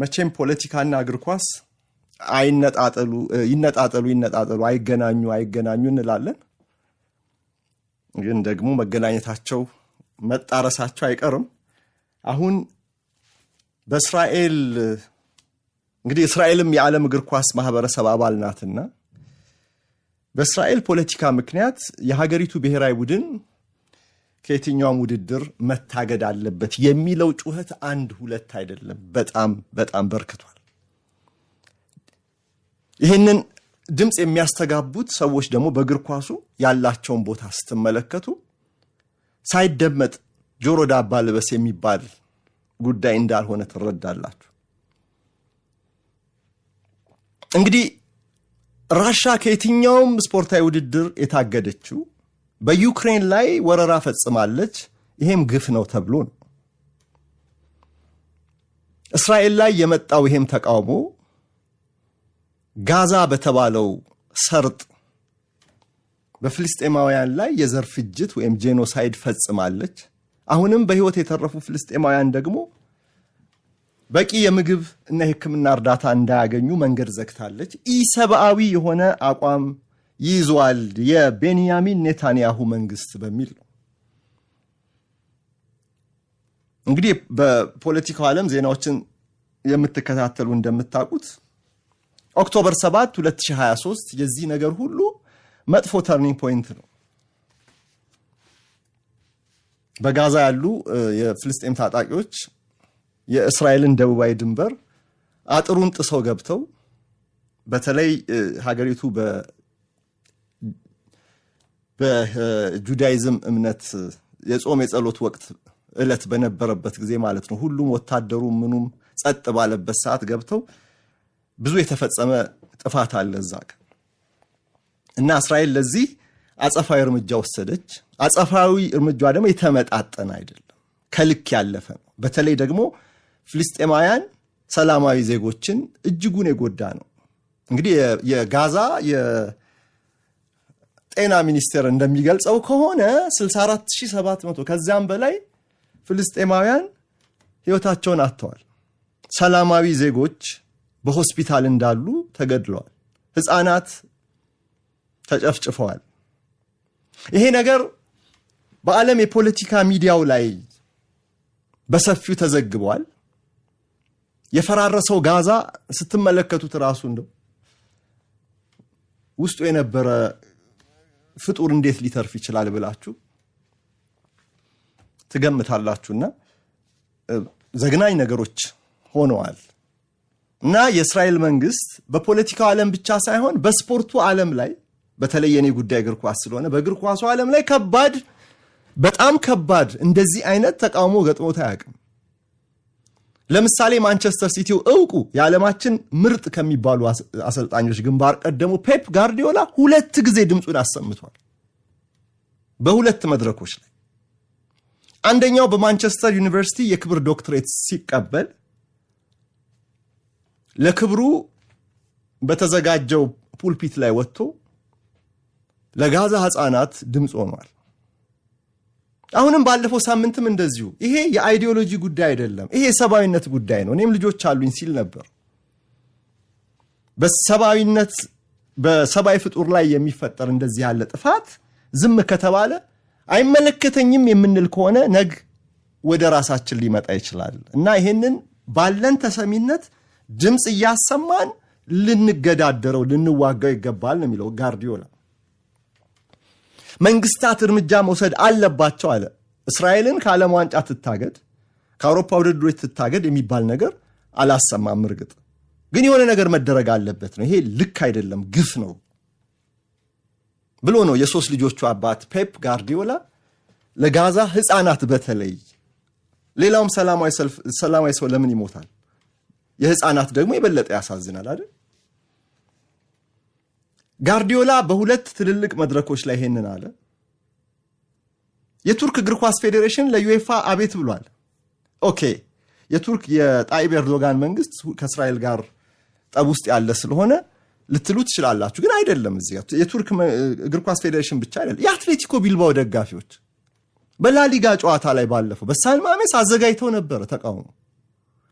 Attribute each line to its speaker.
Speaker 1: መቼም ፖለቲካና እግር ኳስ አይነጣጠሉ ይነጣጠሉ ይነጣጠሉ አይገናኙ አይገናኙ እንላለን። ግን ደግሞ መገናኘታቸው መጣረሳቸው አይቀርም። አሁን በእስራኤል እንግዲህ እስራኤልም የዓለም እግር ኳስ ማህበረሰብ አባል ናትና በእስራኤል ፖለቲካ ምክንያት የሀገሪቱ ብሔራዊ ቡድን ከየትኛውም ውድድር መታገድ አለበት የሚለው ጩኸት አንድ ሁለት አይደለም፣ በጣም በጣም በርክቷል። ይህንን ድምፅ የሚያስተጋቡት ሰዎች ደግሞ በእግር ኳሱ ያላቸውን ቦታ ስትመለከቱ ሳይደመጥ ጆሮ ዳባ ልበስ የሚባል ጉዳይ እንዳልሆነ ትረዳላችሁ። እንግዲህ ራሻ ከየትኛውም ስፖርታዊ ውድድር የታገደችው በዩክሬን ላይ ወረራ ፈጽማለች፣ ይሄም ግፍ ነው ተብሎ ነው። እስራኤል ላይ የመጣው ይሄም ተቃውሞ ጋዛ በተባለው ሰርጥ በፍልስጤማውያን ላይ የዘር ፍጅት ወይም ጄኖሳይድ ፈጽማለች። አሁንም በሕይወት የተረፉ ፍልስጤማውያን ደግሞ በቂ የምግብ እና የሕክምና እርዳታ እንዳያገኙ መንገድ ዘግታለች። ኢሰብአዊ የሆነ አቋም ይዟል የቤንያሚን ኔታንያሁ መንግስት በሚል ነው። እንግዲህ በፖለቲካው ዓለም ዜናዎችን የምትከታተሉ እንደምታውቁት ኦክቶበር 7 2023 የዚህ ነገር ሁሉ መጥፎ ተርኒንግ ፖይንት ነው። በጋዛ ያሉ የፍልስጤም ታጣቂዎች የእስራኤልን ደቡባዊ ድንበር አጥሩን ጥሰው ገብተው በተለይ ሀገሪቱ በጁዳይዝም እምነት የጾም የጸሎት ወቅት እለት በነበረበት ጊዜ ማለት ነው ሁሉም ወታደሩ ምኑም ጸጥ ባለበት ሰዓት ገብተው ብዙ የተፈጸመ ጥፋት አለ እዛ እና እስራኤል ለዚህ አጸፋዊ እርምጃ ወሰደች። አጸፋዊ እርምጃ ደግሞ የተመጣጠነ አይደለም፣ ከልክ ያለፈ ነው። በተለይ ደግሞ ፍልስጤማውያን ሰላማዊ ዜጎችን እጅጉን የጎዳ ነው። እንግዲህ የጋዛ ጤና ሚኒስቴር እንደሚገልጸው ከሆነ 64700 ከዚያም በላይ ፍልስጤማውያን ህይወታቸውን አጥተዋል። ሰላማዊ ዜጎች በሆስፒታል እንዳሉ ተገድለዋል። ህፃናት ተጨፍጭፈዋል። ይሄ ነገር በዓለም የፖለቲካ ሚዲያው ላይ በሰፊው ተዘግቧል። የፈራረሰው ጋዛ ስትመለከቱት ራሱ እንደው ውስጡ የነበረ ፍጡር እንዴት ሊተርፍ ይችላል ብላችሁ ትገምታላችሁና ዘግናኝ ነገሮች ሆነዋል እና የእስራኤል መንግስት በፖለቲካው ዓለም ብቻ ሳይሆን በስፖርቱ ዓለም ላይ በተለይ የኔ ጉዳይ እግር ኳስ ስለሆነ በእግር ኳሱ ዓለም ላይ ከባድ በጣም ከባድ እንደዚህ አይነት ተቃውሞ ገጥሞት አያውቅም። ለምሳሌ ማንቸስተር ሲቲው እውቁ የዓለማችን ምርጥ ከሚባሉ አሰልጣኞች ግንባር ቀደሙ ፔፕ ጋርዲዮላ ሁለት ጊዜ ድምፁን አሰምቷል በሁለት መድረኮች ላይ። አንደኛው በማንቸስተር ዩኒቨርሲቲ የክብር ዶክትሬት ሲቀበል ለክብሩ በተዘጋጀው ፑልፒት ላይ ወጥቶ ለጋዛ ህፃናት ድምፅ ሆኗል። አሁንም ባለፈው ሳምንትም እንደዚሁ ይሄ የአይዲዮሎጂ ጉዳይ አይደለም፣ ይሄ የሰብአዊነት ጉዳይ ነው። እኔም ልጆች አሉኝ ሲል ነበር። በሰብአዊነት በሰብአዊ ፍጡር ላይ የሚፈጠር እንደዚህ ያለ ጥፋት ዝም ከተባለ አይመለከተኝም የምንል ከሆነ ነግ ወደ ራሳችን ሊመጣ ይችላል እና ይሄንን ባለን ተሰሚነት ድምፅ እያሰማን ልንገዳደረው ልንዋጋው ይገባል ነው የሚለው ጋርዲዮላ። መንግስታት እርምጃ መውሰድ አለባቸው አለ። እስራኤልን ከዓለም ዋንጫ ትታገድ፣ ከአውሮፓ ውድድሮች ትታገድ የሚባል ነገር አላሰማም። እርግጥ ግን የሆነ ነገር መደረግ አለበት ነው። ይሄ ልክ አይደለም፣ ግፍ ነው ብሎ ነው የሶስት ልጆቹ አባት ፔፕ ጋርዲዮላ ለጋዛ ህፃናት በተለይ ሌላውም ሰላማዊ ሰው ለምን ይሞታል? የህፃናት ደግሞ የበለጠ ያሳዝናል አይደል? ጋርዲዮላ በሁለት ትልልቅ መድረኮች ላይ ይሄንን አለ። የቱርክ እግር ኳስ ፌዴሬሽን ለዩኤፋ አቤት ብሏል። ኦኬ የቱርክ የጣይብ ኤርዶጋን መንግስት ከእስራኤል ጋር ጠብ ውስጥ ያለ ስለሆነ ልትሉ ትችላላችሁ፣ ግን አይደለም። እዚህ የቱርክ እግር ኳስ ፌዴሬሽን ብቻ አይደለም። የአትሌቲኮ ቢልባው ደጋፊዎች በላሊጋ ጨዋታ ላይ ባለፈው በሳን ማሜስ አዘጋጅተው ነበረ ተቃውሞ